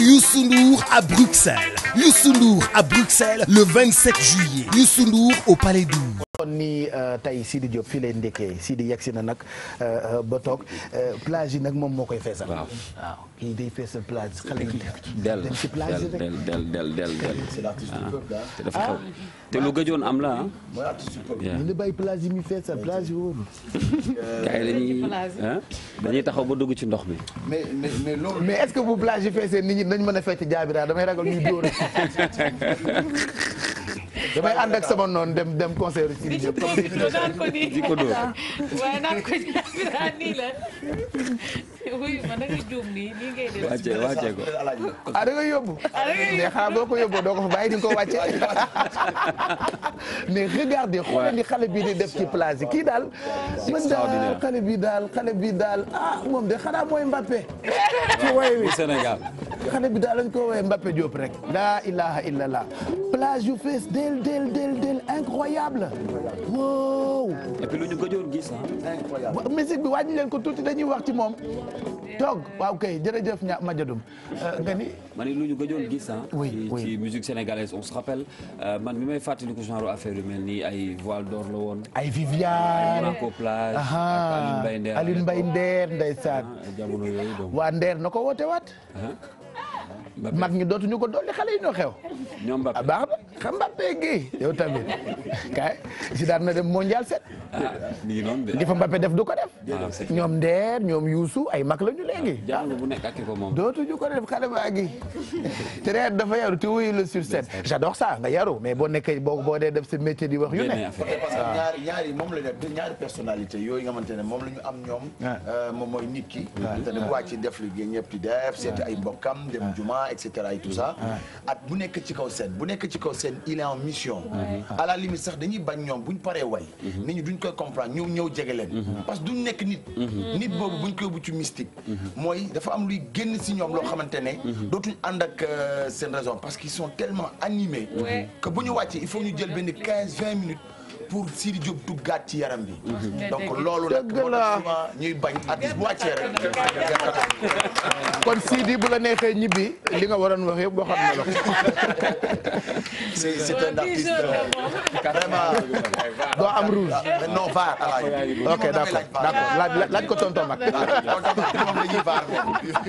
Youssou Ndour à Bruxelles Youssou Ndour à Bruxelles le 27 juillet Youssou au Palais 12 kon ni euh, tey Sidi Diop fii lay ndekkee Sidi yegsi na nag euh, euh, ba toog plage yi nag moom moo koy feesal. kii day feesal plage xale yi. del del del del del del ah. te dafa ah. xew te lu am la ah. mooy artiste ñu ngi bàyyi plage yi muy feesal plage yi ah, dañuy taxaw ba dugg ci ndox mi mais mais mais loolu mais est-ce bu plage yi feesee nit ñi dañ mën a fecc jaabi daal damay ragal ñuy dóor damay ànd ak sama noonu dem dem concert di ci profité naan ko nii di ko dóor waaye naan ko naan nii la wuy ma da nga juum nii nii ngay def. wàcce wàcce ko ah da nga yóbbu. ah da nga yóbbu mais xanaa boo ko yóbbu doo ko fa bàyyi di nga ko wàcce. mais regardez xoolal li xale bi di def ci place yi kii daal. man daal xale bi daal xale bi daal ah moom de xanaa mooy Mbappé. ci way wi Sénégal. xale bi daal lañ ko woowee Mbappé Diop rek. la ilaha illallah plage yu fees del del del del incroyable. wow. et puis lu ñu gëjoon gis ah. musique bi wàññi leen ko tuuti dañuy wax ci moom. toog waaw kay jërëjëf ña Majadum euh, nga ma ne lu ñu gëjoon gis ah. oui sénégalaise on se rappelle euh, man mi may fàttaliku genre affaire yu mel nii ay voile d'or la woon. ay Viviane ay Marco Plage. Alioune Mbaye Nder Alioune ah, yooyu donc waa Nder na ko woote waat. mag ñi dootuñu ko dolli xale yi ñoo xam Mbappé Guèye yow tamit kay Zidane na dem mondial set. nii ah, noonu de li fa Mbappé def du ko def. ñoom Nder ñoom Youssou ay mag la ñu léegi. Ah, jàng bu nekk ak ko ko def xale baa gi. te reer dafa yaru te wuyu la sur scène. j'adore ça nga yaru mais boo nekkee boo boo dee def sa métier di wax yu ne. Eh, parce ah. moom la def ñaari personnalité yooyu nga xamante ne moom la ñu am ñoom. Euh, moom mooy nit ki. te dafa wàcc def li ñëpp di def seeti ay mbokkam dem juma et cetera et tout bu nekk ci kaw scène bu nekk ci kaw scène seen il est en mission ah, ah. à la limite sax dañuy bañ ñoom buñ paree way mhm. nit ñi duñ koy comprendre ñëw ñëw jege leen mhm. parce que duñ nekk nit mhm. nit boobu buñ koy bu ci mooy dafa am luy génn si ñoom loo xamante ne dootuñ ànd ak euh, seen raison parce qu'ils sont tellement animés que bu ñu wàccee il faut ñu jël benn minutes pour Sidi Diop gàt ci yaram bi. Mm-hmm. donc loolu nag moo tax ñuy bañ artiste bu wàccee kon Sidi bu la neexee ñibbi li nga waroon wax boo xam ne la ko. c'est c'est un euh, am rouge. Euh, non vaar alaaji. ok d'accord d'accord laaj laaj ko tonton Mag. Ah,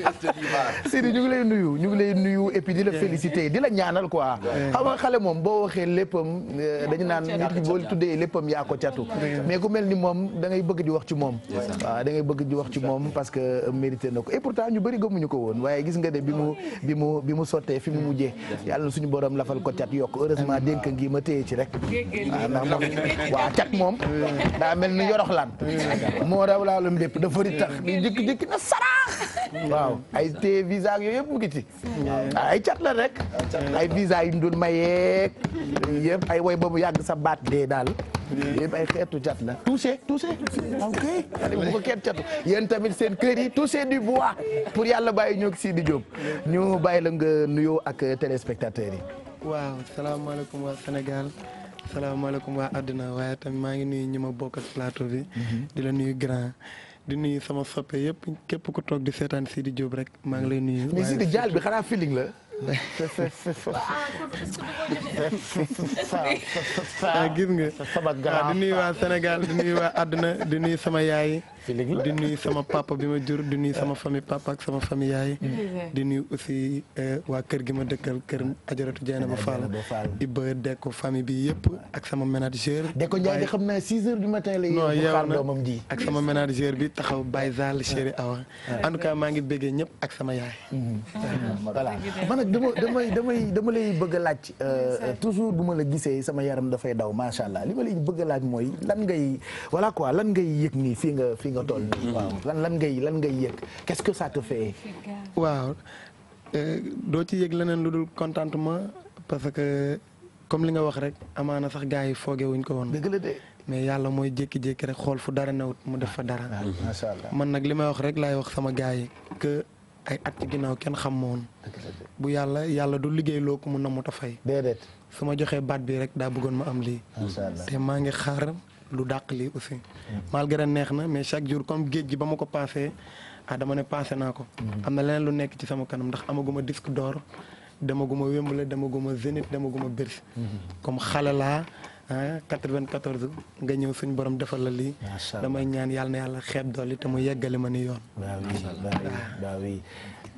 Sidi ñu ngi lay nuyu ñu ngi lay nuyu et di la féliciter di la ñaanal quoi. xam xale moom boo waxee léppam euh, dañu naan nit ki boo liggéey léppam yaa ko catu mais ku mel ni moom da ngay bëgg di wax ci moom da ngay bëgg di wax ci parce que euh, mérité na ko et pourtant ñu bëri gëmuñu ko woon waaye gis nga de bi mu bi fi mu mujjee yàlla na suñu borom lafal ko cat yokk heureusement dénk ngi ma téye ci rek waaw cat moom daa mel ni yoroxlaan moo raw laalum bépp dafa di tax di jëkki-jëkki na sara waaw ay téye visa yooyu yëpp mu ngi ci. ay cat la ay visa yu ñu doon mayeeg. ay woy ba mu yàgg sa baat dee daal. yëpp ay xeetu cat la touché touché. yéen tamit seen kër yi touché du bois pour yàlla bàyyi ñoo Sidi Diop ñu bàyyi la nga nuyoo ak téléspectateurs yi. waaw salaamaaleykum waa Sénégal. salaamaaleykum waa àdduna waaye tamit maa ngi nuyu ñi ma bokk ak plateau bi. Mm-hmm. di la nuyu grand. di nuyu sama soppe yëpp képp ku toog di seetaan Sidi Diop rek maa ngi lay nuyu. mais Sidi jaal bi xanaa feeling la. ah gis nga. waaw di waa Sénégal di nuyu waa àdduna di nuyu sama yaay. di nuyu sama papa bi ma jur di nuyu sama famille papa ak sama famille yaay. Mmh. Mmh. Mmh. di nuyu aussi euh, waa kër gi ma dëkkal kër ajaratu Dieng ba Fall. Ibba Dekko famille bi yëpp ak sama manager. Dekko Ndiaye di xam naa 6 heures du matin lay. non yeewu na ak sama manager bi taxaw Baye Zal chéri Awa. en maa ngi béggee ñëpp ak sama yaay. voilà man nag damay damay dama a laaj euh, toujours bu ma la gisee sama yaram dafay daw macha allah li ma lay bëgg a laaj mooy lan ngay voilà quoi lan ngay yëg nii fii nga fii fi nga toll mm-hmm. waaw lan lan ngay lan ngay yëg qu'est-ce que ça te fait waaw euh, doo ci yëg leneen lu dul contentement parce que comme li nga wax rek amaana sax gars yi fooge wuñ ko woon dëgg mais yàlla mooy jékki-jékki rek xool fu dara newut mu def fa dara macha allah man nag li may wax rek laay wax sama gaa yi que ay at ci ginnaaw kenn xam moon bu yàlla yàlla du liggéey loo ko mun na mu ta fay su ma joxee baat bi rek daa bëggoon ma am lii te maa ngi xaar lu dàq lii aussi. malgré neex na mais chaque jour comme géej gi ba ma ko paasee ah dama ne paase naa ko. am na leen lu nekk ci sama kanam ndax amaguma disque door demaguma Wembley demaguma Zénith demaguma Bercy. comme xale laa ah 94 nga ñëw suñu borom defal la lii. damay ñaan yàlla na yàlla xeeb dolli te mu yeggale ma ni yoon.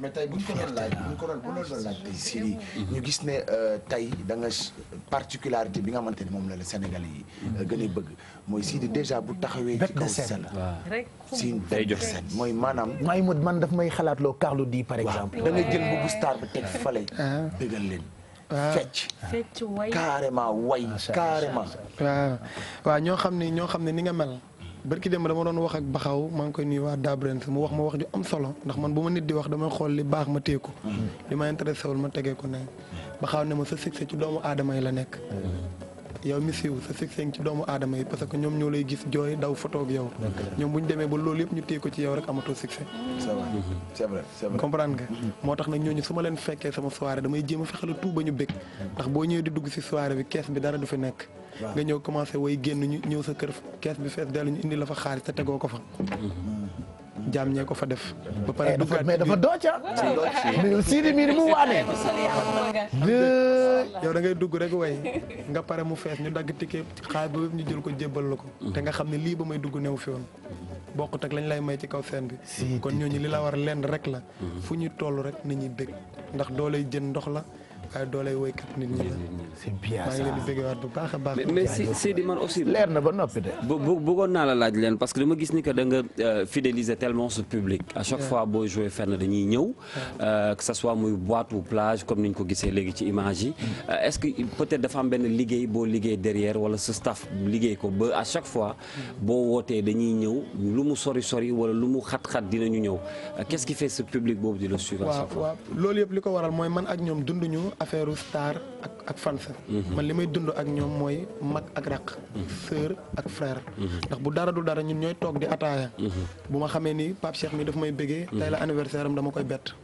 ma tey bu ñu ko doon laaj bu ñu ko doon bu ñu doon laaj ñu gis ne euh, tey danga nga particularité bi nga xamante ne moom la la Sénégalais yi. Euh, gën a bëgg mooy Sidi déjà bu taxawee. ci kaw seen rek si day jox seen mooy maanaam. may mu man daf may xalaatloo Carlou di par exemple. da nga jël bu star bi teg fale. Ah. dëggal leen. Ah. fecc fecc way carrément way. Ah, ñoo xam ne ñoo xam ne ni nga mel. barki dem dama doon wax ak baxaw maa ngi koy nuyu waa Dabrens mu wax ma wax ju am solo ndax man bu ma nit di wax damay xool li baax ma téye ko. Mm-hmm. li ma intéressé wul ma tegee ko ne baxaw ne ma sa succès ci doomu aadama yi la nekk. Mm-hmm. yow mi siiw sa succès ci doomu aadama yi parce que ñoom ñoo lay gis jooy daw photo yow. ñoom bu ñu demee ba loolu yëpp ñu téye ko ci yow rek amatoo succès. se mm-hmm. vrai c'est vrai nga. moo tax nag ñooñu su ma leen fekkee sama soirée damay jéem a fexe la ba ñu bëgg. ndax boo ñëwee di dugg si soirée bi kees bi dara du fi nekk. nga ñëw commencé way génn ñu ñëw sa kër kees bi fees dellu ñu indi la fa xaalis te tegoo ko fa. jaam ñee ko fa def. ba pare eh, duggaat mais dafa doo ca. yow da ngay dugg rek way nga pare mu fees ñu dagg ticket xaalis ba ñu jël ko jébbal la ko. te nga xam ne lii ba may dugg new fi woon. bokkut ak lañ lay may ci kaw seen bi. kon ñooñu li la war lenn rek la. Mm-hmm. fu ñu toll rek nañuy bég ndax doole lay jën ndox la. waaye dooley woykat nit ñi la. c'est bien ça maa di a baax. mais Sidi man aussi. leer na ba noppi de. bu bu bëggoon naa la laaj leen parce que dama gis ni que da nga euh, fidéliser tellement ce public. chaque fois boo joué fenn dañuy ñëw. Euh, que ça soit muy boîte ou plage comme ni ñu ko gisee léegi ci image yi. Mm. Euh, est-ce que peut-être dafa am benn liggéey boo liggéey derrière wala sa staff liggéey ko ba à chaque fois. Mm. boo wootee dañuy ñëw lu mu sori sori wala lu mu xat-xat dinañu ñëw qu'est-ce qui fait ce public boobu di la suivre affaire star ak ak fans mhm. man li may dund ak ñoom mooy mag ak raq mhm. sœur ak frère mhm. ndax bu dara du dara ñun ñooy toog di ataaya bu ma xamee ni Pape Cheikh mi daf may bëggee tey la anniversaire am dama koy bett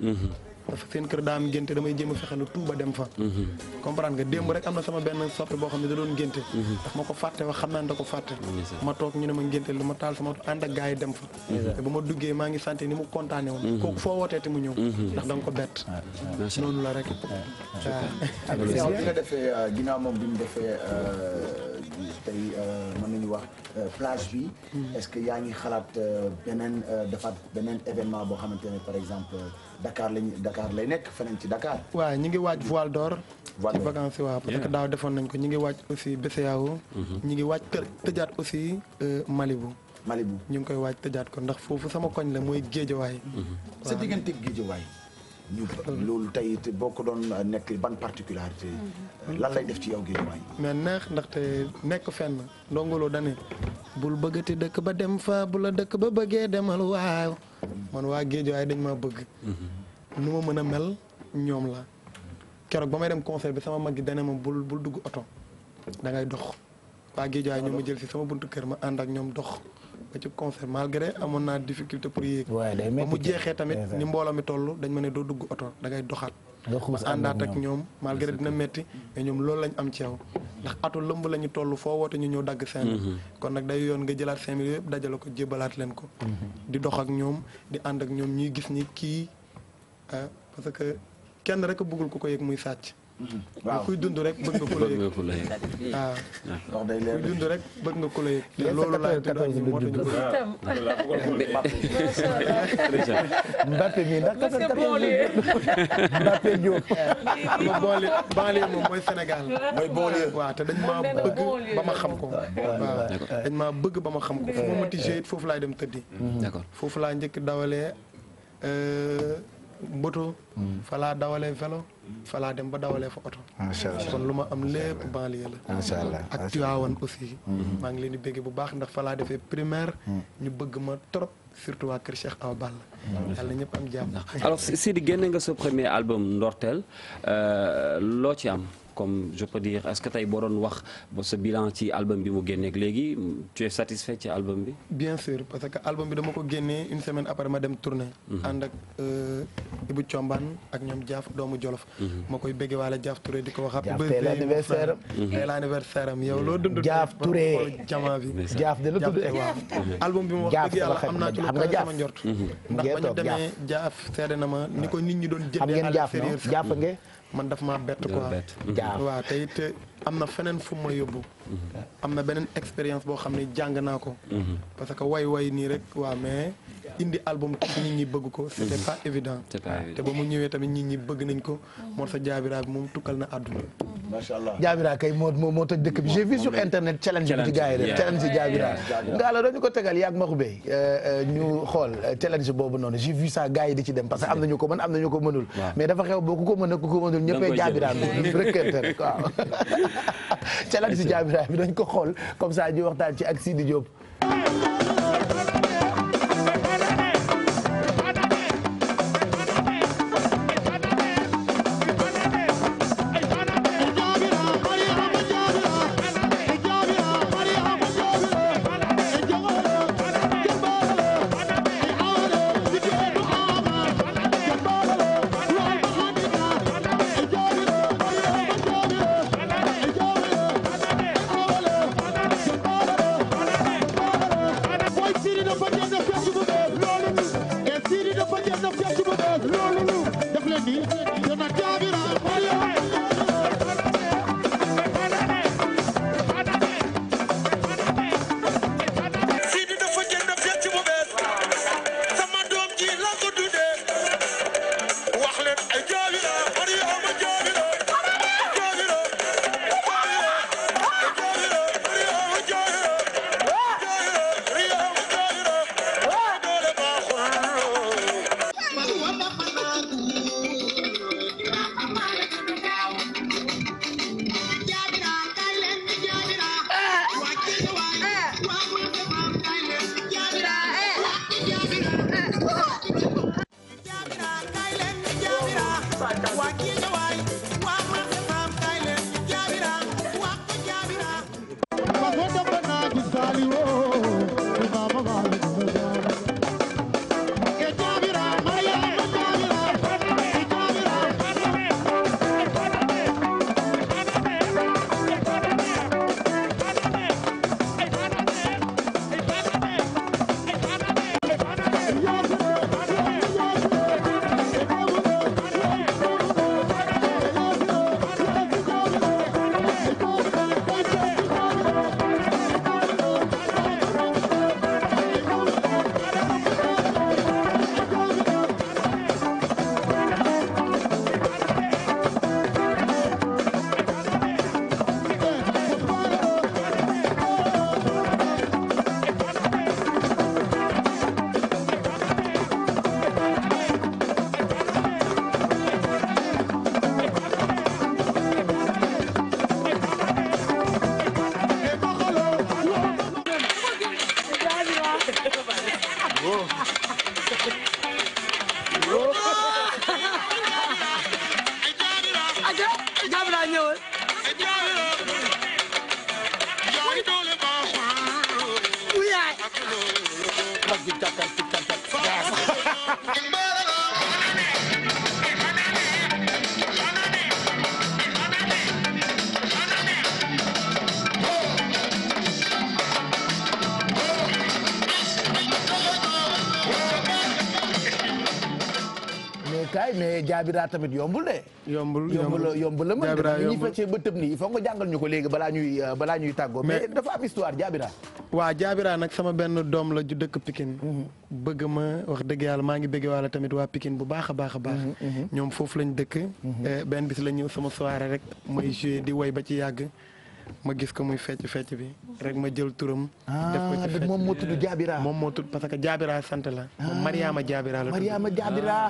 dafa seen kër daa am génte damay jéem a fexe lu tuuba dem fa mhm. comprendre nga démb rek am na sama benn soppe boo xam ne da doon génte mhm. ndax ma ko fàtte wax xam naa ne da ko fàtte mhm, ma toog ñu ne ma ngénte lu ma taal sama ànd ak gars dem fa ba ma duggee maa ngi sant ni mu kontaane woon kooku foo wootee te mu ñëw ndax da nga ko bett ah, ah, noonu la rek ah, Euh, euh, plage bi na mën wax plage bi. est-ce que yaa ngi xalaat euh, beneen defaat beneen événement boo xamante ne par exemple Dakar lañ Dakar lay nekk feneen ci dakaar waaw ñu ngi waaj voile door voile d'or ci vacances waaw defoon nañ ko ñu ngi waaj aussi BCEAO. Mm-hmm. ñi ngi waaj tëjaat aussi mali bu ñu ngi koy waaj tëjaat ko ndax foofu sama koñ la mooy géejawaay. Mm-hmm. sa diggante géejawaay. loolu tey boo ko doon nekk ban particularité. Mhm. lan lay def ci yow Guédiawaye. mais neex ndaxte nekk fenn ndongolo dane bul bëggati dëkk ba dem fa bu la dëkk ba bëggee demal waaw man waa Guédiawaye dañ ma bëgg. Mhm. nu ma mën a mel ñoom la keroog ba may dem concert bi sama mag gi moom bul bul dugg oto da ngay dox waa Guédiawaye ñoom ma jël si sama buntu kër ma ànd ak ñoom dox. ba ci concert malgré amoon naa difficulté pour yéeg ba mu jeexee tamit ni mbooloo mi toll dañ ma ne doo dugg oto da ngay doxaat ma àndaat ak ñoom malgré dina metti mais ñoom loolu lañ am ci yow ndax atu lëmb la ñu toll foo woote ñu ñëw dagg seen mm-hmm. kon nag day yoon nga jëlaat cinq mille yëpp dajale ko jébalaat leen ko mm-hmm. di dox ak ñoom di ànd ak ñoom ñuy gis ni kii euh, parce que kenn rek bëggul ku ko yëg muy sàcc. Mm-hmm. waaw dund rek bëgg nga ku la yëg bëgg nga waaw. kuy dund rek bëgg nga ku yëg. loolu laay dund ak moo tax ko. Ah, Mbappé ma mooy Sénégal. mooy boole waaw te dañ maa bëgg ba ma xam ko. foofu laay dem tëddi. d'accord foofu laa njëkk dawalee. Euh, moto. Hmm. falaa dawalee vélo. falaa dem ba dawalee fa oto. macha kon lu ma am lépp banlieue la. macha allah ak Tivaouane aussi. Hmm. maa ngi leen di bëgg bu baax ndax falaa defee primaire. Hmm. ñu bëgg ma trop surtout waa Kër Cheikh Awa Balla. yàlla ñëpp am jàmm. alors Sidi génne nga sa premier album ndorteel euh, loo ci am. comme je peux dire est-ce que tey boo doon wax sa bilan ci album bi mu génneeg léegi tu es satisfait ci album bi. bien sûr parce que album bi dama ko génnee une semaine après dem tournée. Mhm. ànd ak euh, Ibou ak ñoom Jaaf doomu Jolof. Mhm. ma koy bëggee waale Jaaf Touré di ko wax. Jaaf tey l'anniversaire mhm. loo dund. Jaaf bi Jaaf de la tudd. album bi ma wax dëgg yàlla am naa ci lu kawe sama njort. ndax ba ñu demee Jaaf seede na ma ni ko nit ñi doon jëndee à l'extérieur. man daf maa bett waa tey te am na feneen fu ma yóbbu mhm. am na beneen expérience boo xam ne jàng naa ko mhm. parce que way way nii rek waa mais indi album te nit ñi bëgg ko c'était mhm. pas évident te ba mu ñëwee tamit nit ñi bëgg nañ ko Morso Jaabira ak moom tukkal na àdduna macha allah jaabira kay moo moo moo toj dëkk bi j'ai vu sur internet challenge bi ci gars yi def challenge jaabira nga la dañu ko tegal yaag ma xubee euh, euh, ñu xool euh, challenge boobu noonu j'ai vu ça gars yi di ci dem parce que am na ñu ko mën am na ko mënul mais dafa xew boo ku ko mën ak ku ko mënul ñëppee jaabira bi rëkkante rek waaw challenge jaabira bi dañ ko xool comme saa ñu waxtaan ci ak Sidi Diop Bravo. mais jaabiraa tamit yombul de. yombul yombul yombul la mën de ñuy feccee ba tëb nii il faut jàngal ñu ko léegi balaa ñuy euh, ñuy tàggoo. mais dafa am histoire jaabiraa. waa jaabiraa nag sama benn doom la ju dëkk Pikine. Mhm. bëgg ma wax dëgg yàlla maa ngi bëgg walla tamit waa pikin bu baax a baax a baax. Mhm, mhm. ñoom foofu lañ dëkk. Eh, benn bis la ñëw sama soirée rek. mooy joué di woy ba ci yàgg. ma gis ko muy fecc fecc bi rek ma jël turam. Ah, def ko moom moo tudd Jaabira. moom moo tudd parce que Jaabira sant la. Ah, moom Mariama Jaabira la. Mariama Jaabira. Ah.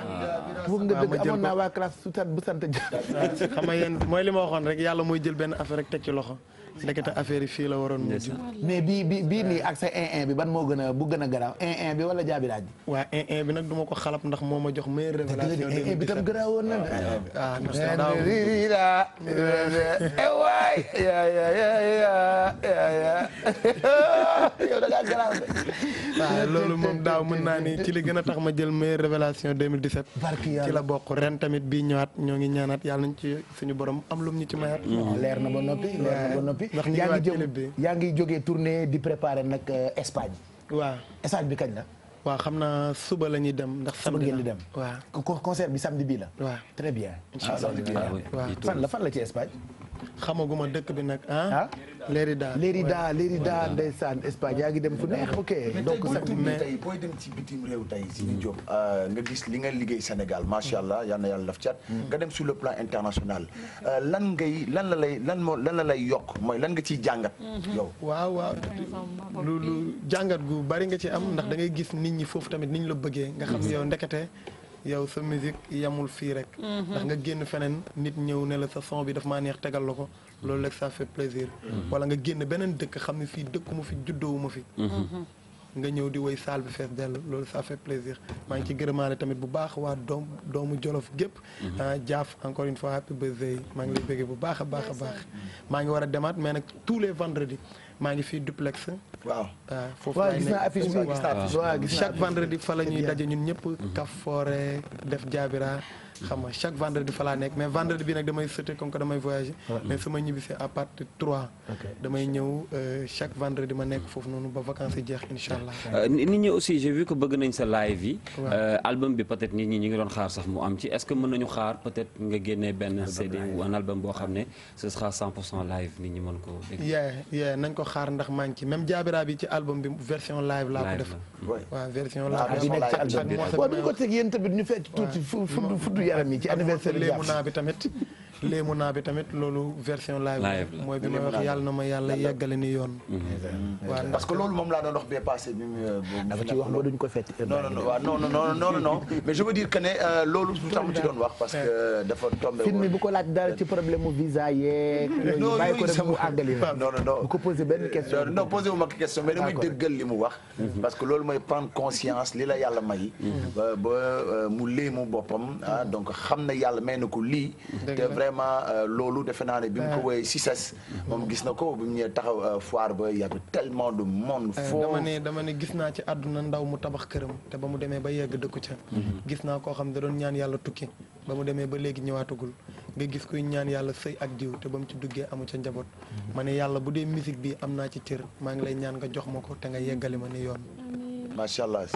waaw nga dëgg amoon naa waa classe su sant bu sant Jaabira. xam nga mooy li ma waxoon rek yàlla mooy jël benn affaire rek teg ci loxo. ndekete affaire yi fii la waroon mujj. mais bii bi bii nii ak sa un un bi ban moo gën a bu gën a garaaw un bi wala jaabi laaj bi. waaw bi nag duma ko xalab ndax moo ma jox meilleure révélation. un un bi tam na de. ah yow da ngaa garaaw naa ni ci gën a tax ma jël meilleure révélation 2017. ci la bokk ren tamit bii ñëwaat ñoo ngi ñaanaat yàlla nañ ci suñu borom am lum ñu ci mayaat. leer na leer na ba noppi. yaa ngi jóg yaa ngi jógee tournée di préparer nag euh, Espagne. waa Espagne bi kañ la. waa xam naa suba la ñuy dem ndax. suba ngeen di dem waaw. concert bi samedi bii la. waa très bien. incha allah ah fan la fan la ci Espagne. xamaguma dëkk bi nag ah. ah? Lérida Lérida Lérida ndeysaan Espagne yaa ngi dem fu neex ok. donc mais tey booy dem ci bitim réew tey si ñu jóg. nga gis li nga liggéey Sénégal macha allah yal yàlla daf cat. Mm. nga dem sur le plan international. Euh, lan ngay lan la lay lan moo lan la lay yokk mooy lan nga ciy jàngat. Mm-hmm. yow waaw waaw lu lu jàngat gu bari nga ci am ndax da ngay gis nit ñi foofu tamit ni ñu la bëggee nga xam mm-hmm. yow ndekete. yow sa musique yamul fii rek. Mhm. ndax nga génn feneen nit ñëw ne la sa son bi dafa maa neex tegal la ko mhm. loolu rek sa fait plaisir. Mhm. wala nga génn beneen dëkk xam ni fii dëkkuma ma fi juddoo ma fi. nga ñëw di woy saal bi fees dell loolu sa fait plaisir maa ngi ci gërëmaale tamit bu baax waa doom doomu jolof gépp ah, jaaf encore une fois happy birthday maa ngi lay bëggee bu baax a baax a baax maa ngi war a demaat mais nag tous les vendredis. maa ngi fii duplex. waaw foofu laay nekk gis naa affiche vendredi fa la daje ñun ñëpp. Kafoore def jaabira xam nga chaque vendredi fa laa nekk mais vendredi bi nag damay sauté comme que damay voyagé. mais su ma ñibbisee à partir damay ñëw euh, ma nekk foofu noonu ba vacances yi jeex incha allah. Euh, euh, nit ñi ñu ngi doon xaar sax mu am ci est-ce que mën nañu xaar peut-être nga génnee benn CD ou album boo xam ne ce sera 100% live nit ñi mën ko dégg. yeah yeah nañ maa ngi ci même Jaabira bi bi ah, version bi nekk ci album bi waaw ñu fekk tuuti fu fu aram yi ci anniversaire bi tamit léemu naa bi tamit loolu version live la mooy bi may wax yàlla na ma yàlla yeggale ni yoon mm-hmm. waaw mm-hmm. parce que loolu moom laa doon wax bee passé bi mu euh, dafa ci wax ba duñ ko fetti non non waaw non non non non mais je veux dire que ne euh, loolu su tax mu ci doon wax parce que dafa tombé film bi bu ko laaj dara ci problème mu visa yeeg yooyu bàyyi ko rek mu àggali la non non non bu ko posé benn question non posé wu ma question mais damay dëggal li mu wax mm-hmm. parce que loolu mooy prendre conscience li la yàlla may ba euh, mu léemu boppam ah, donc xam na yàlla may na ko lii vraiment euh, loolu defe naa ne bi mu ko woyee Cissesse moom gis na ko bi mu ñëwee taxaw euh, foire ba y avait tellement de monde foo dama ne dama ne gis naa ci àdduna ndaw mu tabax këram te ba mu demee ba yegg dëkku ca mhm. gis naa koo xam da doon ñaan yàlla tukki ba mu demee ba léegi ñëwaatugul nga gis kuy ñaan yàlla sëy ak jiw te ba mu ci duggee amu ca njaboot mhm. ma ne yàlla bu dee musique bi am naa ci cër maa ngi lay ñaan nga jox ma ko te nga yeggali ma ni yoon macha allah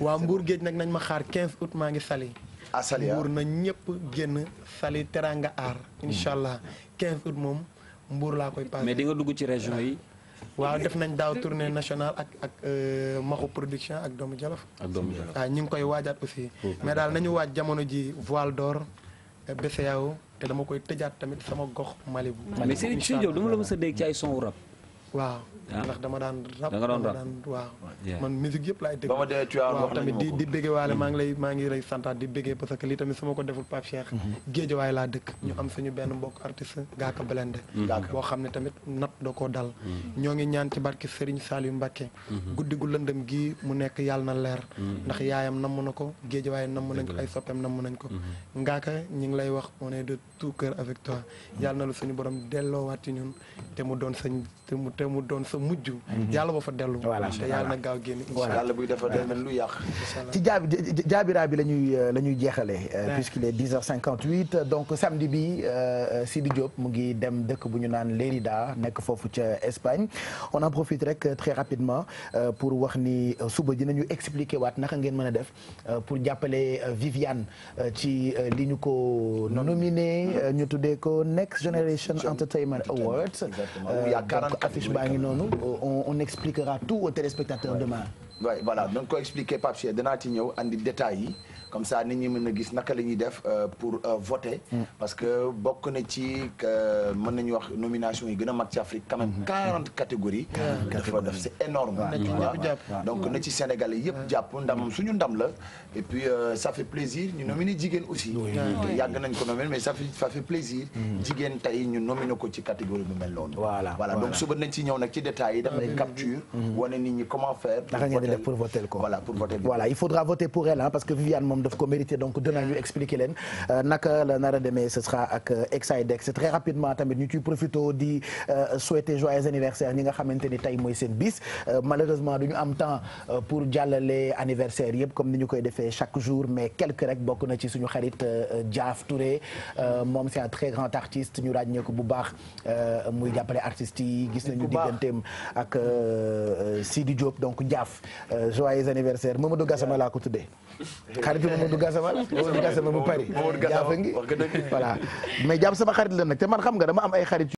waa Mbour géej nag nañ ma xaar 15 out maa ngi sali asalia mbuur na ñëpp génn sali teranga aar. incha allah 15 août moom mbuur laa koy passé. mais di nga dugg ci région yi. waaw def nañ daaw tournée nationale ak ak euh, maxu production ak doomu jolof ak doomu jolof ñu ngi koy waajaat aussi. Oh, mais daal nañu waaj jamono ji voile d'or euh, BCEAO te dama koy tëjaat tamit sama gox Malibu. Malibu mais Serigne Diop dama a dégg ci ay son rap. waaw ah. ndax dama daan rap dama daan waaw man musique yëpp laay déglu waaw tamit di di béggee waale mm-hmm. maa ngi lay maa ngi lay santaat di béggee parce que lii tamit su ma ko deful Pape Cheikh mm-hmm. géejawaay laa dëkk ñu am mm-hmm. suñu benn mbokk artiste Ngaaka Blindé boo xam ne tamit nat da koo dal ñoo ngi ñaan ci barke saal yu Mbacké guddi gu lëndëm gii mu nekk yàlla na leer ndax yaayam namm na ko géejawaay namm nañ ko ay soppeem namm nañ ko Ngaaka ñi ngi lay wax moo ne de tout cœur avec toi yàlla na lu suñu borom delloowaat ci ñun te mu doon sañ te mu doon sa mujj. Mhm. yàlla ba fa dellu. voilà te yàlla na gaaw génn incha allah yàlla buy defar day ci jaabi bi la ñuy euh, la ñuy jeexalee. Euh, donc samedi bi euh, Sidi Diop mu ngi dem dëkk bu ñu naan Lérida nekk foofu ca Espagne on en profite rek très rapidement pour wax ni suba dinañu expliquer waat naka ngeen mën a def pour jàppale Viviane ci li ñu ko nominé ñu tuddee ko Next Generation Entertainment Awards. donc affiche baa ngi noonu on expliquera tout aux téléspectateurs demain. oui voilà donc ko expliquer Pape Cheikh danaa ci ñëw andi détails yi. comme ça nit ñi mën a gis naka la ñuy def euh, pour euh, voter mm. parce que bokk na ci euh, mën nañu wax nomination yi gën a mag ci Afrique quand même mm-hmm. quarante catégories dafa def c'est énorme donc na ci Sénégal yëpp jàpp ndamam suñu ndam la et puis ça fait plaisir ñu nominer jigéen aussi yàgg nañ ko nominer mais ça fait ça fait plaisir mm-hmm. jigéen tey ñu nominer ko ci catégorie bu mel noonu voilà donc suba nañ ci ñëw nag ci détails yi def ay mm-hmm. capture wane nit ñi comment faire pour voter voilà pour pour elle def daf ko mérité donc dinañu ñu expliquer leen euh, naka la nar a demee ce sera ak euh, Exidex très rapidement tamit ñu ciy profito di euh, souhaiter joyeux anniversaire ñi nga xamante ni tey mooy seen bis malheureusement du ñu am temps pour jàllale anniversaire yëpp comme ni ñu koy defee chaque jour mais quelque rek bokk na ci suñu xarit jaaf ture moom c'est un très grand artiste ñu ràññee ko bu baax muy jàppale artistes yi gis nañu digganteem ak Sidi Diop donc Diaf joyeux anniversaire Mamadou Gassama laa ko tuddee xaritu Mamadou Gassama la Mamadou Gassama bu Paris yaa fa ngi voilà mais jàmm sama xarit la nag te man xam nga dama am ay xarit